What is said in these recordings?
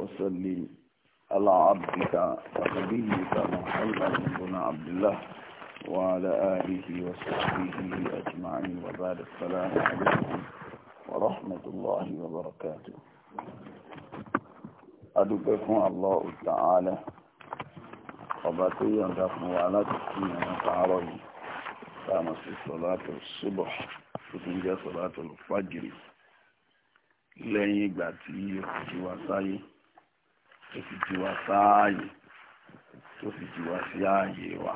وسلم على عبدك وحبيبك محمد بن عبد الله وعلى آله وصحبه أجمعين وبعد السلام عليكم ورحمة الله وبركاته أدعوكم الله تعالى وباتي أنتم وعلى تسليم تعالوا كما في صلاة الصبح تتنجى صلاة الفجر لن يقبع تيه وسايه tó fi jù wá sáàyè tó fi jù wá sí ààyè wa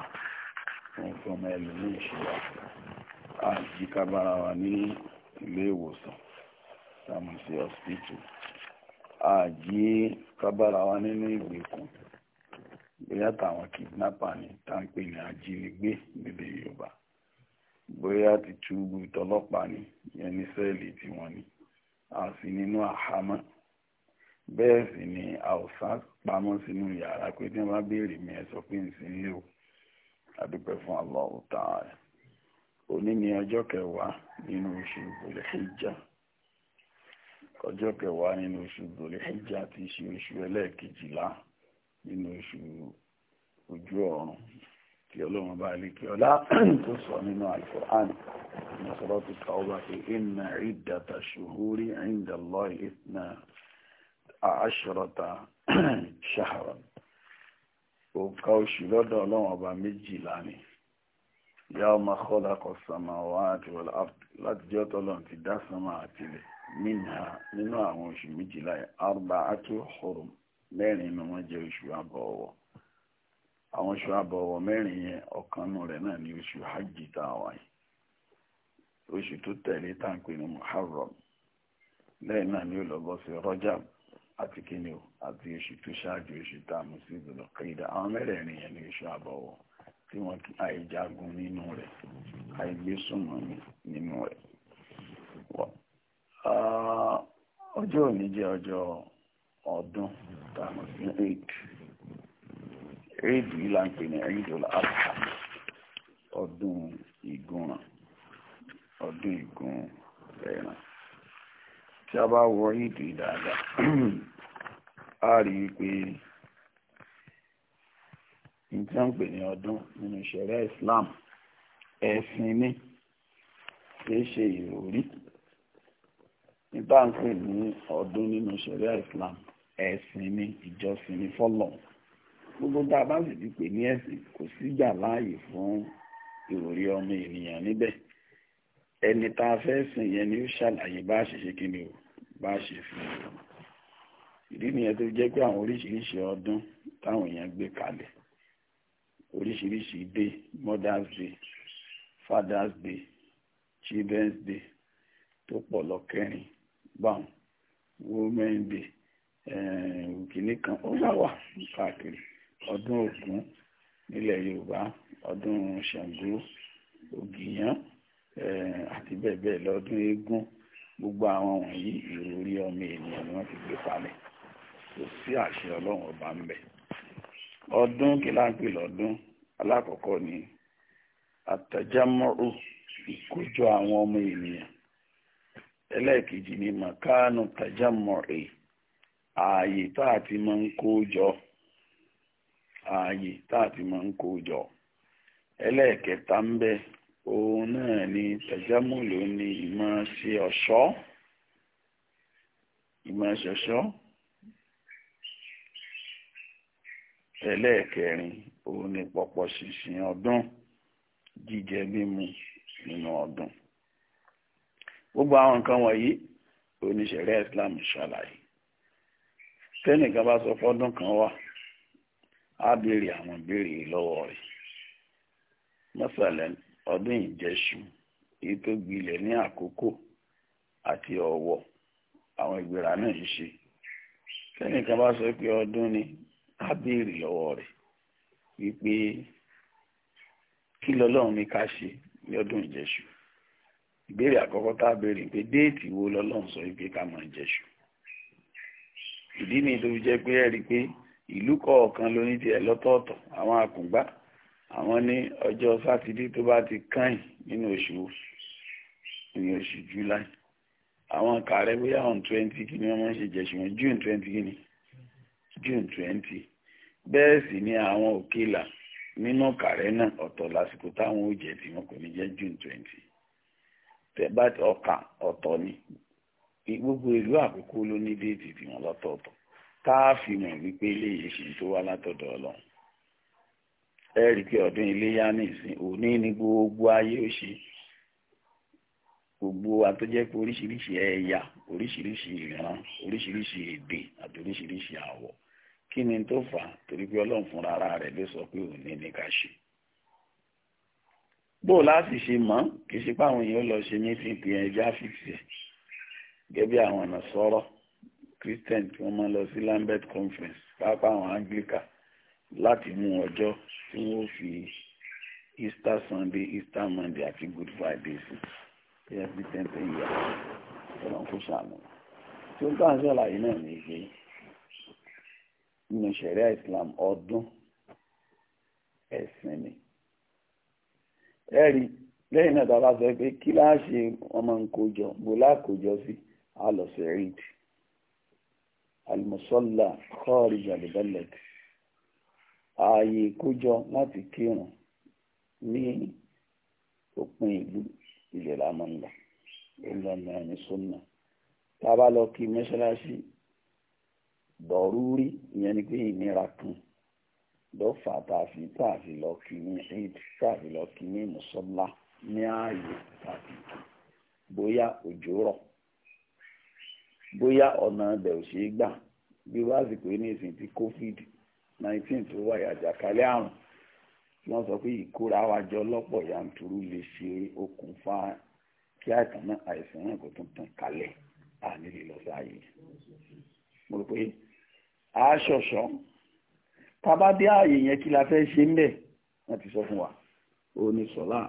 fún ìfọmọ ẹlòmíì ṣe wá àjíkábára wa ní ilé ìwòsàn tàmùsí hospital àjí kábára wa nínú ìgbèkùn bóyá táwọn kidnapper ni táǹpé ní ajínigbé nílẹ̀ Yorùbá bóyá ti túbú ìtọ́lọ́pàá ni yẹn ní sẹ́ẹ̀lì tí wọ́n ní àti nínú àhámọ́ bẹ́ẹ̀ sì ni àwòsàn pamọ́ sínú yàrá pé tí wọ́n bá béèrè mi sọ pé o àdúpẹ́ fún òní ni ọjọ́ kẹwàá nínú oṣù dhul ti ṣe oṣù ẹlẹ́ẹ̀kejìlá nínú oṣù ojú ọ̀run tí ọlọ́run bá lè kí ọlá tó sọ nínú Al-Qur'an ní Suratu Tawbah shuhuri 'inda àṣọrọta ṣahara òǹkà oṣù lọ́dọ̀ ọlọ́run ọba méjìlá ni ìyá ọmọ kọ́lá kọ sàmà wá àti wọlé láti jẹ́ ọ̀tọ́lọ́run ti dá sàmà àtìlẹ̀ nínú àwọn oṣù méjìlá yẹn arba àti hurum mẹ́rin ni wọ́n jẹ́ oṣù àbọ̀wọ̀ àwọn oṣù àbọ̀wọ̀ mẹ́rin yẹn ọ̀kan nù rẹ̀ náà ni oṣù hajj tá a wáyé oṣù tó tẹ̀lé tá à ń pè ní muharram lẹ́yìn náà ni ó lọ bọ́ sí rọ́jàbù àti kíni o àti oṣù tó ṣáájú oṣù tá a mú sí ìdùnnà kéde àwọn mẹ́rẹ̀ẹ̀rin yẹn ní oṣù àbọ̀wọ̀ tí wọ́n ti àìjagun nínú rẹ̀ àìgbésùnmọ̀ nínú rẹ̀. ọjọ́ òní jẹ́ ọjọ́ ọdún tá a mú sí eid yìí là ń pè ní eid al-adha ọdún ìgúnran ọdún ìgún ẹran tí a bá wọ ìdù dáadáa a rí i pé nǹkan pè ní ọdún nínú ìṣẹ̀rẹ́ Islam ẹ̀sìn ni kìí ṣe ìròrí nígbà ń pè ní ọdún nínú ìṣẹ̀rẹ́ Islam ẹ̀sìn ni ìjọsìn ni fọ́lọ̀ gbogbo tá a bá sì ti pè ní ẹ̀sìn kò síjà láàyè fún ìròrí ọmọ ènìyàn níbẹ̀ ẹni tá a fẹ́ sìn yẹn ni ó ṣàlàyé bá ṣe ṣe kí ni o bá a ṣe fi ìdí nìyẹn tó jẹ́ pé àwọn oríṣiríṣi ọdún táwọn èèyàn gbé kalẹ̀ oríṣiríṣi day mother's day father's day children's day tó pọ̀ lọ́kẹrin bam women day òkìní eh, kan ó sáwà káàkiri ọdún Ògún nílẹ̀ Yorùbá ọdún Ṣàngó Ògìyán Eh, àti bẹ́ẹ̀ bẹ́ẹ̀ lọ́dún eégún gbogbo àwọn wọ̀nyí ìròrí ọmọ ènìyàn ni wọ́n ti gbé palẹ̀ kò sí àṣẹ ọlọ́run ọba ń bẹ̀ ọdún kìláàpì lọ́dún alákọ̀ọ́kọ́ ni ìkójọ àwọn ọmọ ènìyàn ẹlẹ́ẹ̀kejì ni màkánù ààyè tá a ti máa jọ ààyè tá a òun náà ni tẹ̀jámùlò ni ìmọ̀ ṣe ọ̀ṣọ́ ìmọ̀ ṣe ọ̀ṣọ́ ẹlẹ́ẹ̀kẹrin òun ni pọ̀pọ̀ ṣìnṣìn ọdún jíjẹ mímu nínú ọdún gbogbo àwọn nǹkan wọ̀nyí oníṣẹ̀rẹ́ Islam ṣàlàyé tẹ́nìkan bá sọ fọ́dún kan wà á béèrè àwọn ìbéèrè lọ́wọ́ rẹ̀ mọ́sálẹ́nu ọdún ìjẹṣu èyí tó gbilẹ̀ ní àkókò àti ọ̀wọ̀ àwọn ìgbéra náà ń ṣe tẹ́nìkan bá sọ pé ọdún ni á béèrè lọ́wọ́ rẹ̀ wípé kí lọ́lọ́run ní ká ṣe ní ọdún ìjẹṣu ìbéèrè àkọ́kọ́ tá a béèrè pé déètì wo lọ́lọ́run sọ wípé ká máa jẹṣu ìdí ni tó fi jẹ́ pé ẹ̀rí pé ìlú kọ̀ọ̀kan ló ní tiẹ̀ lọ́tọ̀ọ̀tọ̀ àwọn àkùngbá àwọn ní ọjọ́ sátidé tó bá ti káyìn nínú oṣù ní oṣù july àwọn kààrẹ bóyá on twenty kí ni wọ́n máa ń ṣe june twenty kí june twenty bẹ́ẹ̀ sì ni àwọn òkèlà nínú kààrẹ náà ọ̀tọ̀ lásìkò táwọn ò jẹ tí wọn kò ní jẹ́ june twenty tẹ̀bá ọkà ọ̀tọ̀ ni gbogbo ìlú àkókò ló ní déètì tí wọ́n lọ́tọ̀ọ̀tọ̀ tá a fi mọ̀ wípé eléyìí ṣe tó wá látọ̀dọ̀ ọlọ́run erik rí i pé ya iléyá nìsín òní ni gbogbo ayé ó ṣe gbogbo àtọ́jẹ́ pé oríṣiríṣi ẹ̀yà oríṣiríṣi ìran oríṣiríṣi èdè àti oríṣiríṣi àwọ̀ kí ni tó fà á torí pé ọlọ́run fúnra ara rẹ̀ ló sọ pé òní ni ká ṣe bó láti ṣe mọ́ kì í ṣe pé àwọn èèyàn lọ ṣe mítìn ẹja fìtì ẹ̀ gẹ́gẹ́ conference pápá àwọn anglican láti mú ọjọ́ tí wọ́n fi Easter Sunday Easter Monday àti Good Friday sí every ten ten years ọ̀nà kó sàmù tí ó tàn sọ́làyé náà ní pé nínú ṣẹ̀ríà Islam ọdún ẹ̀sìn ni ẹ̀rí lẹ́yìn náà tàbá sọ pé kí láàṣe ọmọ nkójọ bó lákòójọ sí alọ́sẹ̀ ríd almusalla kharija ààyè ìkójọ láti kírun ní òpin ìlú ilẹ̀ lámọ́ńdà ìlànà ẹni súnà tá a bá lọ kí mọ́ṣáláṣí dọ̀rúrí ìyẹn ni pé ìnira kan lọ́fà tààfi tààfi lọ kí ní eid tààfi lọ kí ní mùsọ́lá ní ààyè tààfi bóyá òjò rọ̀ bóyá ọ̀nà ibẹ̀ ò gbà bí wá sì pé ní ìsìn tí covid nineteen tó wáyé àjàkálẹ̀ àrùn wọ́n sọ pé ìkóra wa jọ lọ́pọ̀ yanturu lè ṣe okùnfà kí àìsàn náà àìsàn náà kò tún tàn kálẹ̀ àní lè lọ sáàyè mo rò pé aṣọṣọ tábà dé ààyè yẹn kí la fẹ́ ṣe ń bẹ̀ wọ́n ti sọ fún wa ó ní sọ́lá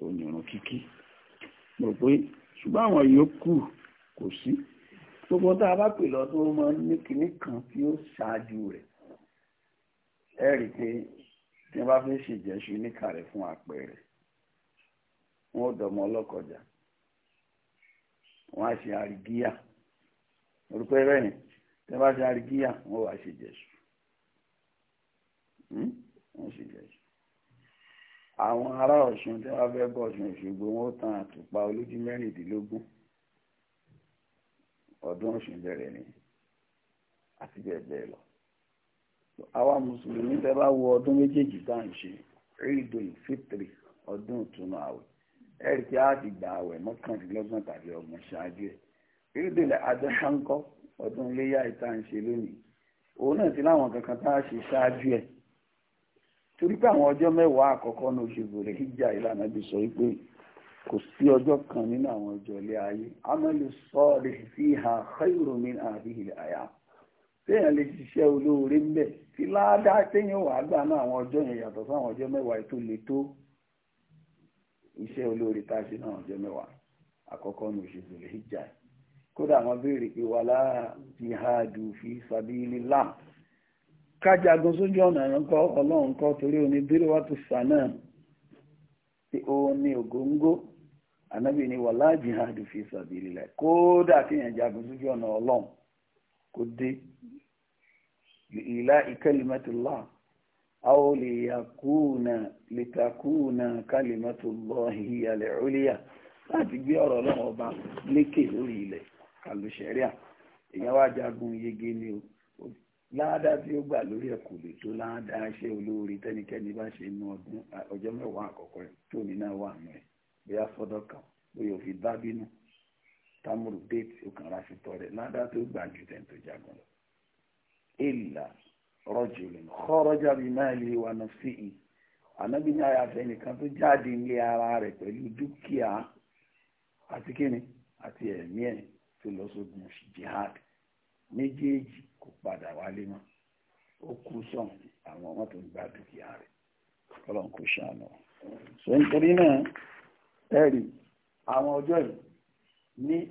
ó ní irun kíkí mo rò pé ṣùgbọ́n àwọn yòókù kò sí gbogbo tá a bá pè lọ́dún ó máa ní kinní kan tí ó ṣáájú rẹ̀ ẹ rí i pé tí wọ́n bá fi ń ṣèjẹ́sù níkàrẹ̀ fún àpẹẹrẹ wọ́n ò dọ̀mọ́ ọlọ́kọjà wọ́n á ṣe àrígíyà orúkọ ẹ̀rọ yẹn tí wọ́n bá ṣe àrígíyà wọ́n wàá ṣèjẹ́sù hmm? wọ́n ṣèjẹ́sù àwọn ará ọ̀ṣun tí wọ́n fẹ́ bọ̀ ọ̀ṣun òṣogbo wọ́n tan àtùpà olójú mẹ́rìndínlógún ọdún ọ̀ṣun bẹ̀rẹ̀ ni àti bẹ́ẹ̀ bẹ́ẹ̀ lọ. awa musulmi tẹ́ bá wo ọdún méjèèjì tá ṣe Eidul Fitri ọdún tí a ti gba àwẹ̀ mọ́kàndínlọ́gbọ̀n tàbí ọgbọ̀n ṣáájú ọdún iléyà ìta ti láwọn kankan tá a ṣe ṣáájú ẹ̀ torí pé àwọn ọjọ́ mẹ́wàá àkọ́kọ́ ní oṣù bòrè hijja ìlànà bí sọ kò sí kan nínú àwọn ọjọ́ ilé ayé àbí àyà tí ládàá téèyàn wà gbà náà àwọn ọjọ́ yẹn yàtọ̀ sáwọn ọjọ́ mẹ́wàá ètò lè tó iṣẹ́ olóore tá a ṣe náà ọjọ́ mẹ́wàá àkọ́kọ́ ní oṣù tó lè jà kódà wọn béèrè pé wà láà jihadu fi sabilillah kájagun sójú ọ̀nà ẹ̀rọ̀kọ́ ọlọ́run kọ́ torí oní tó tí ó ní ògóńgó ànábì wà kódà لإيلاء كلمة الله أو ليكون لتكون كلمة الله هي العليا láti gbé ọ̀rọ̀ ọlọ́run ọba lékè lórí ilẹ̀ àlùṣẹ̀ríà èèyàn wá jagun yege ni o láàdá tí ó gbà lórí ẹ̀ kò lè tó láàdá ṣe olóore tẹ́nikẹ́ni bá ṣe inú ọdún ọjọ́ mẹ́wàá àkọ́kọ́ tóní náà wà nù ẹ̀ bóyá fọ́dọ̀ kan bóyá òfin bá bínú támúrù déètì ó kàn ra fi tọrẹ láàdá tó gbà ju tẹ̀ tó jagun lọ. ìlà rọ́jùlẹ̀ kọ́rọ́jà bíi máa lè wà nà sí i nìkan tó jáde ní ara rẹ̀ pẹ̀lú dúkìá àti kíni àti ẹ̀mí ẹ̀ tó lọ sógun jihad méjèèjì kò padà wálé mọ́ kú sàn àwọn ọmọ tó gba kò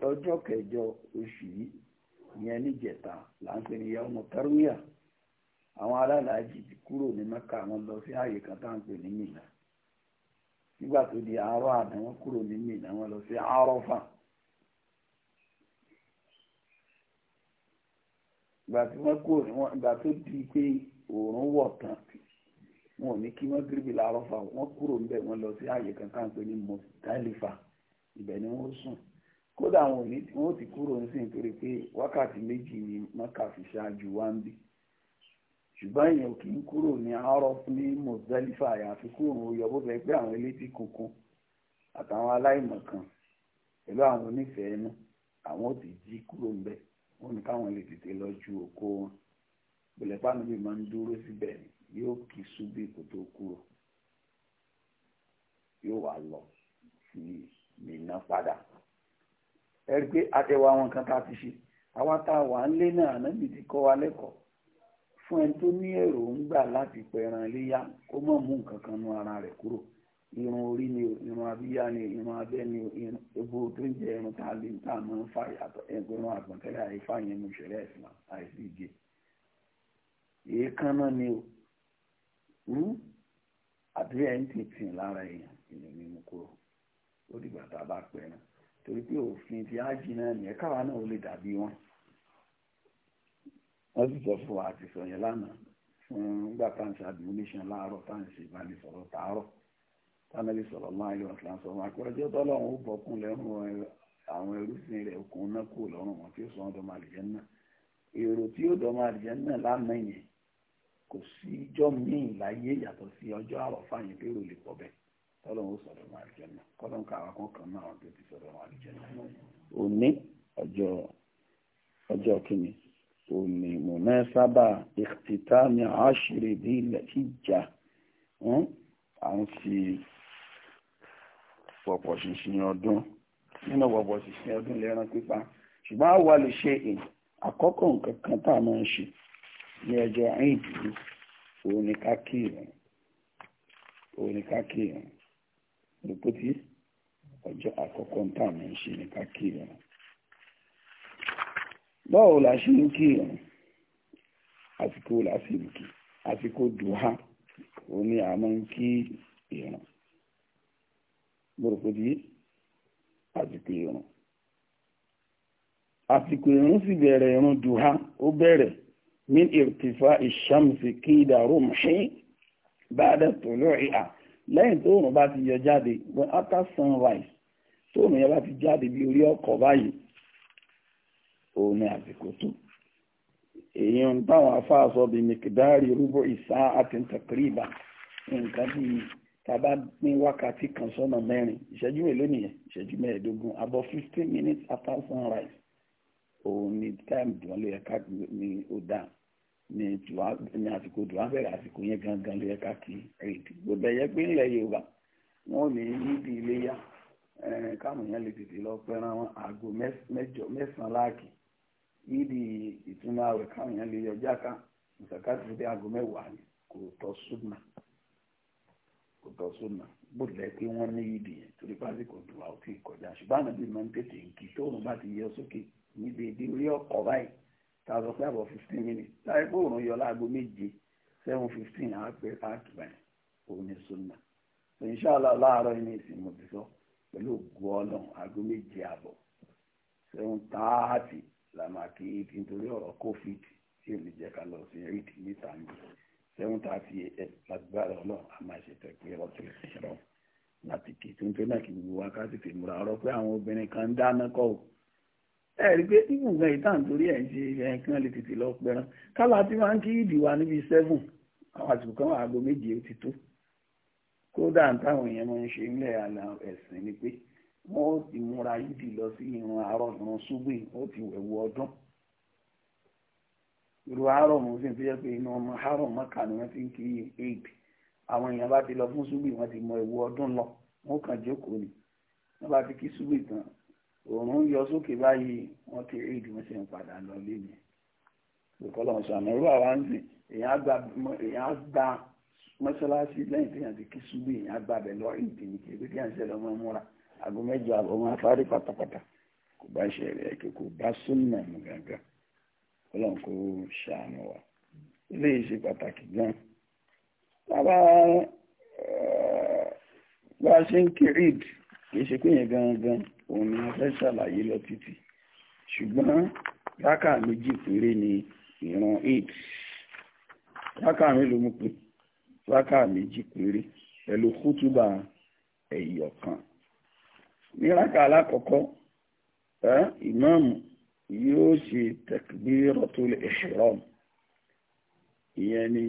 ọjọ́ kẹjọ oṣù ìyẹn níjẹta là ń pè ní ìyá ọmọ tẹrúyà àwọn alálàájì ti kúrò ní mẹ́ka wọn lọ sí ààyè kan tá à ń pè ní mìnà nígbà tó di àná wọn kúrò ní mìnà wọn lọ sí àrọ́fà ìgbà tí wọn kúrò ìgbà tó di pé wọn ò ní kí wọn gírígì wọn kúrò kódà àwọn òní tí wọ́n ti kúrò ń sìn torí pé wákàtí méjì ni mọ́kà fi ṣáájú wá ń bì ṣùgbọ́n èèyàn kì í kúrò ní àárọ̀ ní mọ̀tẹ́lífà àyàfi kúrò ń yọ bó fẹ́ pé àwọn elétí kunkun àtàwọn aláìmọ̀kan pẹ̀lú àwọn onífẹ̀ẹ́ inú àwọn ò ti jí kúrò ń bẹ̀ wọ́n ní káwọn lè tètè lọ ju òkú wọn pẹ̀lẹ́ pàánù bí máa ń dúró síbẹ̀ yóò kì í súbí kó tó kúrò yóò wá lọ sí Mínà padà. ẹ̀rí pé àtẹ̀wà àwọn kan tá a ti ṣe àwa tá a wà ń lé náà ànábì ti kọ́ wa lẹ́kọ̀ọ́ fún ẹni tó ní èrò ń gbà láti pẹran iléyà kó mọ̀ mú nǹkan kan nu ara rẹ̀ kúrò irun orí ni irun abíyá ni irun abẹ́ ni o ebo tó ń jẹ irun tá a lè tá a máa ń fa yàtọ̀ ẹgbẹ́ irun àgbọ̀ntẹ́lẹ̀ àìfà yẹn ní ìṣẹ̀lẹ̀ ẹ̀sìn àìsí ìje èékánná ni o àbí ẹ̀ ń tètè lára èèyàn èèyàn mímú kúrò ó dìgbà tá a bá pẹran torí pé òfin ti ájì náà nìyẹn káwa náà ó lè dàbí wọn wọ́n sì sọ fún wa àti sọ̀yìn lánàá fún gbà tá à ń ṣe admonition láàárọ̀ tá à ń ṣe ìbánisọ̀rọ̀ tààrọ̀ tánàbí sọ̀rọ̀ máa yọ ọ̀sán sọ wọn àpẹẹrẹjọ́ tọ́lọ́run ó bọ̀kún lẹ́rùn àwọn ẹrúsìn rẹ̀ okùn náà kúrò lọ́rùn wọn tí ó sọ ọdọ màlìjẹ́ náà èrò tí ó dọ̀ màlìjẹ́ náà lánàá yẹn kò sí ijọ́ míì láyé yàtọ̀ sí ọjọ́ àrọ̀fà yẹn pé èrò lè pọ̀ bẹ́ẹ̀ tọ́lọ́run ó sọ̀rọ̀ máa jẹ́ náà kọ́lọ́n ká àwọn kan náà àwọn tó ti sọ̀rọ̀ máa jẹ́ náà òní ọjọ́ ọjọ́ kìíní òní mọ̀nẹ́sábà ìtìtàmì àṣírí bí ilẹ̀ ìjà à ń fi pọ̀pọ̀ ṣinṣin ọdún nínú pọ̀pọ̀ ṣinṣin ọdún lẹ́ran pípa ṣùgbọ́n àwa lè ṣe àkọ́kọ́ nǹkan kan tá a máa ń ṣe ní ọjọ́ àìdìbò òun ni ká kí ìrìn òun ni ká kí ìrìn lópótí ọjọ́ àkọ́kọ́ tá à ń ṣe nípa kírun báwo la ṣe ń kírun àsìkò làásìkò àsìkò dùhà òun ni a máa ń kí ìrun gbọ́dọ̀kọ́dí àsìkò ìrun àsìkò ìrun sì bẹ̀rẹ̀ ìrun dùhà ó bẹ̀rẹ̀ min irtifa ìṣàmùsì kí ìdàrú mọ̀ṣẹ́ bá dà tó lórí à lẹ́yìn tó òrùn bá ti yọ jáde when after sunrise tó òrùn yẹn bá ti jáde bí orí ọkọ̀ báyìí òun ni àsìkò tó èèyàn táwọn afáàsọ bíi mikidari rúbọ ìsá àti ntẹkìrìbà nǹkan bíi tàbá pín wákàtí kan sọ́nà mẹ́rin ìṣẹ́jú mélòó nìyẹn ìṣẹ́jú mẹ́ẹ̀ẹ́dógún abọ́ fifteen minutes after sunrise òun ni time ìdùnnú lè ká ní ó ni ní àsìkò dùn ábẹ̀rẹ̀ àsìkò yẹn gangan ló ká kí eid gbogbo ẹ̀yẹ pé ńlẹ̀ yorùbá wọn ò ní yídi iléyà káwọn lè lọ pẹ́ran aago mẹ́sàn-án láàkì yídi ìtúnu àwẹ̀ káwọn èèyàn lè yọjá ká ni kò tọ́ kò bó pé wọ́n ní yẹn torí kọjá ṣùgbọ́n àná bí mo ń tètè kí tààzọ pé àbọ̀ fifteen minutes láì pé òòrùn yọ láago méje seven fifteen àwọn pé káàkiri báyìí òun ni sunna inṣàlá láàárọ̀ yìí ní ìsìn mo ti sọ pẹ̀lú ògùn ọlọ́run aago méje àbọ̀ seven thirty la máa kí eight nítorí ọ̀rọ̀ covid tí èmi jẹ́ ká lọ sí eight níta ní seven thirty lágbára ọlọ́run a máa ṣe pé ọtí ìṣẹ̀rọ̀ láti kí tuntun náà kì í wá ká tètè múra ọ̀rọ̀ pé àwọn obìnrin kan dáná kọ́ ò. ẹ̀rí pé ibù gan ìtàn torí ẹ̀ ń ṣe ẹ̀kan lè tètè lọ pẹran kálá tí máa ń kí ìdì wa níbi seven àwọn àsìkò kan wà méje ó ti tó kódà táwọn èèyàn máa ń ṣe nílẹ̀ àlà ẹ̀sìn ni pé wọ́n ti múra ìdì lọ sí irun àárọ̀ irun ó ti wẹ̀wù ọdún àárọ̀ jẹ́ pé ọmọ àárọ̀ mọ́kà ni wọ́n ti ń kí àwọn èèyàn ti lọ fún wọ́n ti mọ ọdún lọ wọ́n kàn jókòó ni wọ́n kí tán òòrùn yọ sókè báyìí wọ́n ti rí ìdí wọ́n sì ń padà lọ lébi ìkọlọ̀ ṣàmì rú àwọn ń sìn èèyàn gba mọ́ṣáláṣí lẹ́yìn tí èèyàn ti kí ṣubú èèyàn gba abẹ lọ ìdí ní kí ebi ń ọmọ múra aago mẹ́jọ àbọ̀ afárí pátápátá kò bá kò bá ṣàánú wa eléyìí ṣe pàtàkì gan bàbá òun ni a fẹ́ ṣàlàyé lọ títí ṣùgbọ́n rákà méjì péré ni ìran eight rákà mélòó mú pé rákà méjì péré pẹ̀lú kútùbà ẹ̀yọ̀ kan ní rákà alákọ̀ọ́kọ́ ìmáàmù yóò ṣe takbiratul ihram ìyẹn ni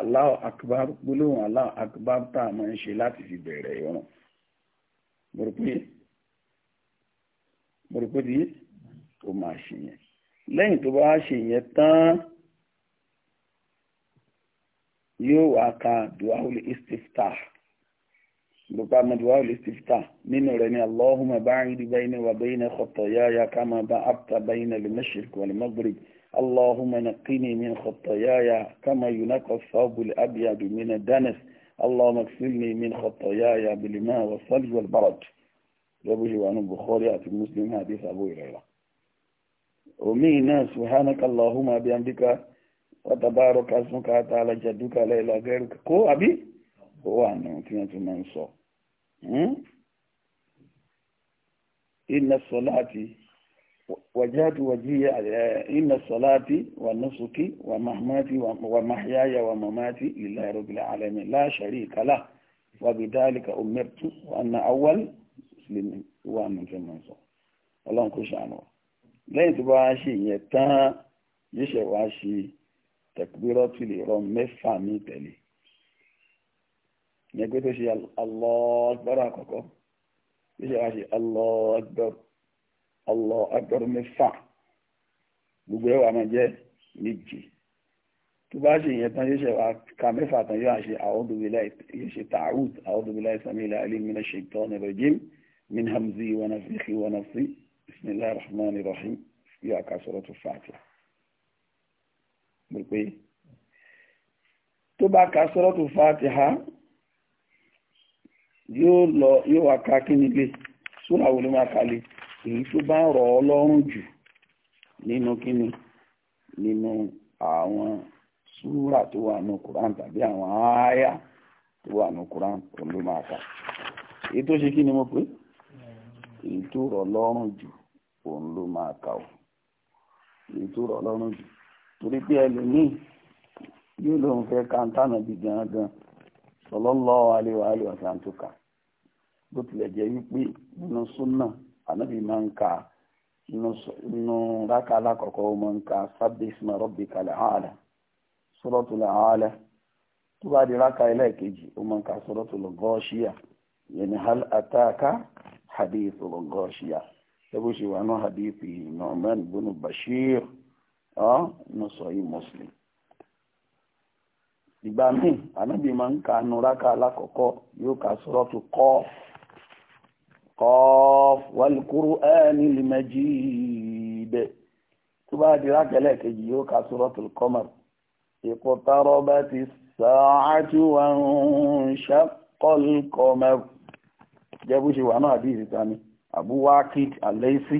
Allahu akbar gbólóhùn Allahu akbar tá a máa ń ṣe láti fi bẹ̀rẹ̀ ìran mo rò pé mo rò pé ti ó máa ṣe yẹn lẹ́yìn tó bá ṣe yẹn tán yóò wá ka duwawul istiftah gbogbo àmọ́ duwawul istiftah nínú rẹ̀ ni allahumma ba'id bayni wa bayna khatayaya kama ba'adta bayna al-mashriq wal-maghrib اللهم نقني من خطاياي كما ينقى الثوب الأبيض من الدنس اللهم اغسلني من خطاياي بالماء والثلج والبرد gẹ́gẹ́ ṣe wà ní bukhari àti muslim àti sàbò ìrẹ̀rà omi náà subhanaka allahumma bihamdika wa tabaraka ismuka ta'ala jadduka la ilaha ghairuka kó àbí ó wà nù tí wọ́n tún máa ń sọ hmm? inna salati wajhatu wajhiya eh, inna salati wa nusuki wa mahmati wa mahyaya wa mamati lillahi rabbil alamin la sharika lah wa bidhalika umirtu wa anna awwal mùsùlùmí tó wà ní ìfẹ́ mọ̀ sọ ọlọ́run kò ṣàánú lẹ́yìn tó bá wá ṣe ìyẹn tán yóò ṣe wá ṣe tẹ̀kúbírọ́tìlì rọ mẹ́fà ní ìtẹ̀lé ìyẹn pé tó ṣe Allahu Akbar àkọ́kọ́ yóò ṣe wá ṣe Allahu Akbar Allahu Akbar mẹ́fà gbogbo ẹwà máa jẹ́ méje tó bá ṣe ìyẹn tán yóò ṣe wá ka mẹ́fà tán yóò ṣe a'udhu billahi yóò ṣe ta'awud a'udhu billahi samil alim minash shaitanir rajim من همزي ونفخي ونفسي بسم الله الرحمن الرحيم يا كسرة الفاتحة بالقي تبع كسرة الفاتحة yóò lọ yóò wá ká kí nílé súra wo ló máa kalẹ̀ èyí tó bá ń rọ̀ ọ́ lọ́rùn jù nínú kíni nínú àwọn súra tó wà ní Quran tàbí àwọn àáyá tó wà ní Quran ló máa kà èyí tó ṣe kí ni mo pè é èyí tó lọ́rùn jù òun ló máa kà ó èyí tó lọ́rùn jù torí pé ẹlòmíì yóò lóun fẹ́ kàńtánà bí gangan sallallahu alaihi wa alihi bó tilẹ̀ jẹ́ wípé nínú súnà ànábì máa ń ka nínú rákà alákọ̀ọ́kọ́ ó máa ń ka tó bá di rákà ẹlẹ́ẹ̀kejì ó máa ń ka yẹn ni ataka. حديث الغاشية ghashiya وانا ṣe wà náà hadith Nu'man ibn Bashir ní sahih Muslim ìgbà míì ànábì máa ń ka nuraka alákọ̀ọ́kọ́ yóò ka suratu Qaf Qaf wal Qur'anil majid tó bá di rákẹ́lẹ̀ kejì yóò ka suratul Qamar iqtarabati s-sa'atu wa inshaqqal qamar. jẹ́ bó ṣe wà náà bí ni Abu Waqid al tí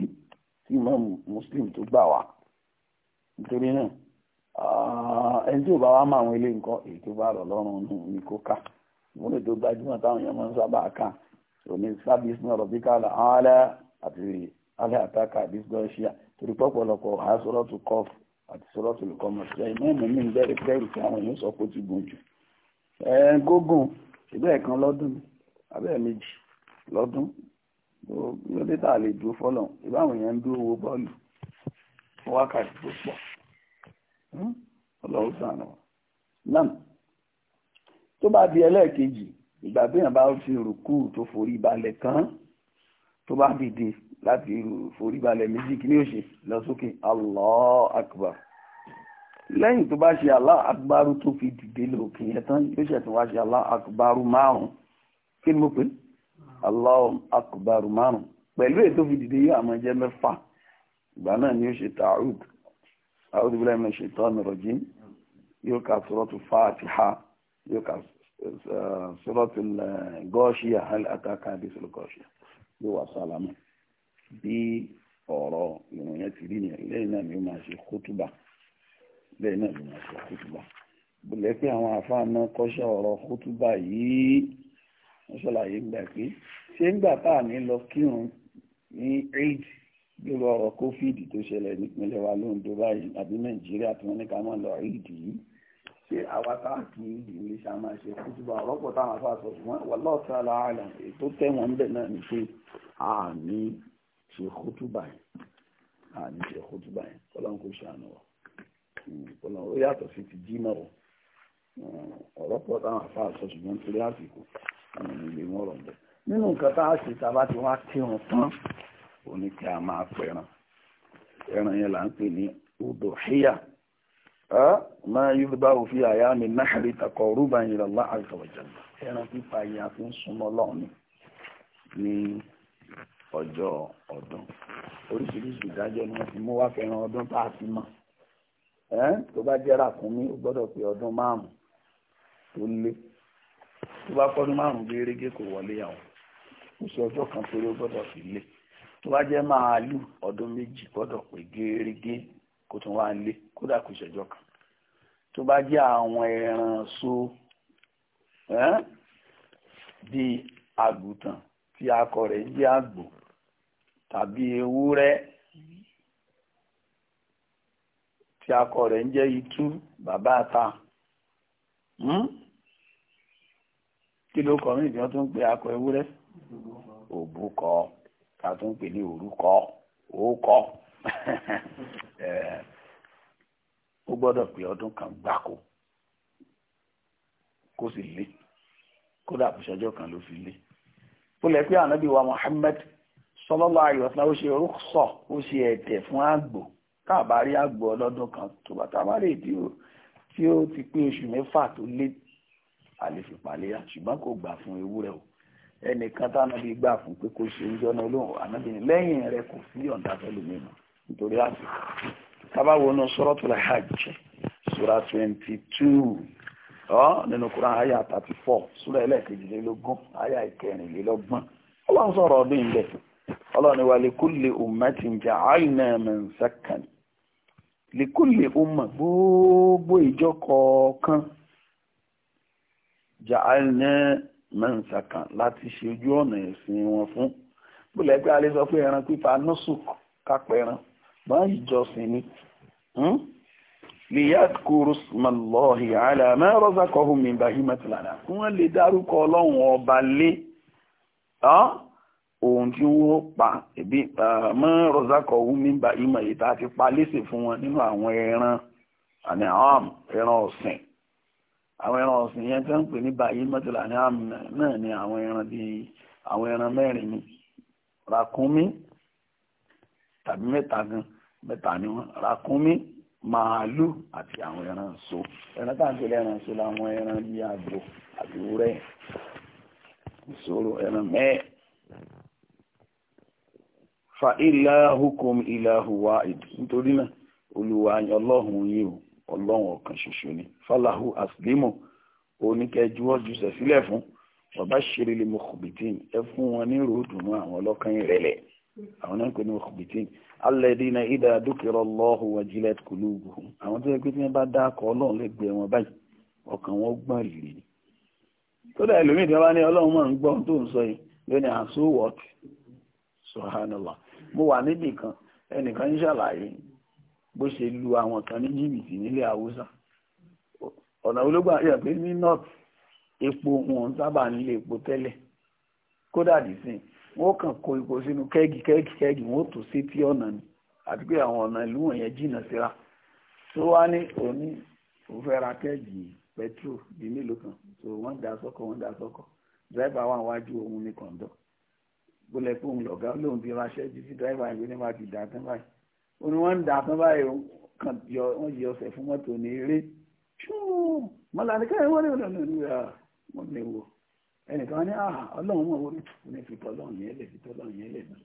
Muslim tó gbà wá nítorí náà ah, ẹni tí ò bá wá máa ilé nǹkan èyí tó bá rọ̀ lọ́rùn nù ní kó ká ìmúlẹ̀ tó gbajúmọ̀ táwọn èèyàn máa ń sábà òní náà rọ̀ bí àti alẹ́ àtàkà torí pọ́pọ̀lọpọ̀ kọf àti lùkọ́mọ̀ lọ́dún lóde tá a lè dúró fọ́lọ̀ ìbáwọn èèyàn ń dúró wo bọ́ọ̀lù fún wákàtí tó pọ̀ hmm? ọlọ́run sànà náà tó bá di ẹlẹ́ẹ̀kejì ìgbà tó yàn bá fi rùkú tó forí balẹ̀ kan tó bá dìde láti forí balẹ̀ méjì kí ni ó ṣe lọ sókè Allah akbar lẹ́yìn tó bá ṣe Allah akbaru tó fi dìde lòkè yẹn tán yóò ṣẹ̀ tó wá ṣe Allah akbaru márùn-ún kí ni mo pè é Allahu akbar márùn pẹ̀lú ètò fìdìdì yóò àmọ́ jẹ́ mẹ́fà ìgbà náà ni ó ṣe ta'ud a'udhu billahi minash shaitanir rajim yóò ka suratul fatiha yóò ka eh, suratul gọ́ọ̀ṣíà hal ataka hadisul gọ́ọ̀ṣíà yóò wà sálámù bí ọ̀rọ̀ ìwọ̀n yẹn ti rí nìyẹn lẹ́yìn náà ni ó máa ṣe kútùbà lẹ́yìn náà ni ó máa ṣe kútùbà bùlẹ́ pé àwọn àfáà náà kọ́ṣẹ́ ọ̀rọ̀ kútùbà yìí wọ́n ṣàlàyé gbà pé ṣé ń gbà tá à ní lọ kírun ní eid lórí ọ̀rọ̀ covid tó ṣẹlẹ̀ nípínlẹ̀ wa lóńdó báyìí àbí nàìjíríà tí wọ́n ní ká máa lọ eid yìí ṣé àwa káàkì eid ní ṣá máa ṣe kútùbà ọ̀rọ̀pọ̀ táwọn afá sọ fún wọn wallahu ta'ala a'lam ètò tẹ̀wọ̀n bẹ̀ náà ni pé àmì ṣe kútùbà yìí àmì ṣe kútùbà yìí ọlọ́run kò ṣàánú wa hmm, ọlọ́run ó yàtọ̀ sí ti jímọ̀ hmm, ọ̀rọ̀pọ̀ táwọn afá sọ ṣùgbọ́n torí àsìkò àwọn ilé mọ́rọ̀ bẹ̀ nínú nǹkan tá a ṣe tá a bá ti wá kírun tán ó ní kí a máa pẹran ẹran yẹn là ń pè ní odò híyà máa yúgbà òfin àyà mi náhàrí takọ̀ rúbà yìí lọ́lá àìsàwọ̀jẹ̀ ẹran pípa yìí a fi ń súnmọ́ lọ́ọ̀ni ní ọjọ́ ọdún oríṣiríṣi ìdájọ́ ni wọ́n ti mú wá fẹ́ràn ọdún tá a ti mọ̀ tó bá jẹ́ ràkúnmí ó gbọ́dọ̀ pé ọdún márùn-ún tó lé tó bá fọdún márùn-ún gẹ́gẹ́ kò wọlé àwọn oṣù ọjọ́ kan péré ó gbọ́dọ̀ fi lé tó bá jẹ́ màálù ọdún méjì gbọ́dọ̀ pé gẹ́gẹ́ kó tún wá lé kódà kò ṣẹjọ́ kan tó bá jẹ́ àwọn ẹran so bíi àgùntàn tí akọ rẹ̀ jẹ́ àgbò tàbí ewúrẹ́ tí akọ rẹ̀ ń jẹ́ hmm? kí ló kọ mí ìjọ tó ń pe akọ ewúrẹ́ òbúkọ ká tó ń pè ní òrúkọ òókọ ó gbọ́dọ̀ pé ọdún kan gbáko kó sì lé kódà àbùsọjọ́ kan ló fi lé ó lẹ pé ànábì wa Muhammad sallallahu alaihi wasallam ó ṣe rúkṣọ ó ṣe ẹ̀tẹ̀ fún àgbò tá a àgbò ọlọ́dún kan tó bá tá a bá rí tí ó ti pé oṣù mẹ́fà tó lé àlefipàléyà ṣùgbọ́n kò gbà fún ewúrẹ́ o ẹnìkan tánábì gbà fún pé kó ṣe ń jọ́nà olóhùn ànábì lẹ́yìn rẹ̀ kò sí ọ̀dà fẹ́lòmíì mọ́ nítorí àsìkò tábàwọ̀ náà suratul hajj sura twenty two ọ́ nínú Kùránì àyà thirty four sura ẹlẹ́ẹ̀kejìlélógún àyà ìkẹrìnlélọ́gbọ̀n ọlọ́run sọ̀rọ̀ ọdún ilẹ̀ ọlọ́run ni wà likulli ummatin ja'alna mansakan likulli umma gbogbo ìjọ jàálínà mẹ́ǹsàkàn láti ṣe ojú ọ̀nà ẹ̀sìn wọn fún bóyá pé a lè sọ pé ẹran pípa nọ́sùk kápẹ́ran bá ìjọsìn ni hmm? liyat kurus malahi ala ma razaqahum min bahimati lana wọ́n lè dárúkọ ọlọ́run ọba lé ohun tí wọ́n pa ebi ma razaqahum min bahimati ta ti pa léṣe fún wọn nínú àwọn ẹran àmì ọ̀sìn àwọn ẹran ọ̀sìn yẹn tó ń pè ní báyìí ní àmì náà ni àwọn ẹran bíi àwọn ẹran mẹ́rin ni ràkúnmí tàbí mẹ́ta gan mẹ́ta ni wọ́n ràkúnmí àti àwọn ẹran so ẹran tá à ń pè lẹ́ran so ẹran bíi àgbò àti wúrẹ́ ìṣòro ẹran fa nítorí náà olùwà o. ọlọ́run ọ̀kan ṣoṣo ni falahu aslimu oníkẹjúwọ́ jùsẹ̀ sílẹ̀ fún bàbá ṣeré lè mọ̀kùbìtín ẹ fún wọn ní ròdùnú àwọn ọlọ́kàn ìrẹ̀lẹ̀ àwọn náà ń pè ní mọ̀kùbìtín alladina idha dukira Allahu wajilat qulubuhum àwọn tó yẹ pé tí wọ́n bá dákọ̀ ọlọ́run lẹ́gbẹ̀ẹ́ wọn báyìí ọkàn wọn gbọ́n rìrì ni kódà ẹlòmíì tí wọ́n bá ní ọlọ́run bó ṣe lu àwọn kan ní jìbìtì nílẹ̀ haúsá ọ̀nà ológun àríyàn pé ní north epo wọn sábà nílé epo tẹ́lẹ̀ kódà dìsìn wọn kàn kó epo sínú kẹ́gì kẹ́gì kẹ́gì wọn ó tò sí tí ọ̀nà ni àti pé àwọn ọ̀nà ìlú wọ̀nyẹn jìnnà síra tó wá ní òní òun kẹ́gì petrol bíi mélòó kan so wọ́n da sọ́kọ̀ wọ́n da sọ́kọ̀ dírẹ́fà wà wájú òun ní kọ̀ńdọ̀ bólẹ̀ pé òun lọ̀gá lóun ti ránṣẹ́ jí sí dírẹ́fà ìwé ní má ti dà tán báyìí oní wọ́n ń dà tán báyìí kàn yọ wọ́n yọ ọ̀sẹ̀ fún mọ́tò ní eré mọ́lá ní káyọ̀ wọ́n ní ọ̀nà ìrírà wọ́n ní wò ẹnìkan ní àhà ah, ọlọ́run mọ̀ wọ́n ní fìtọ́ ọlọ́run yẹn lè fìtọ́ ọlọ́run yẹn lè nà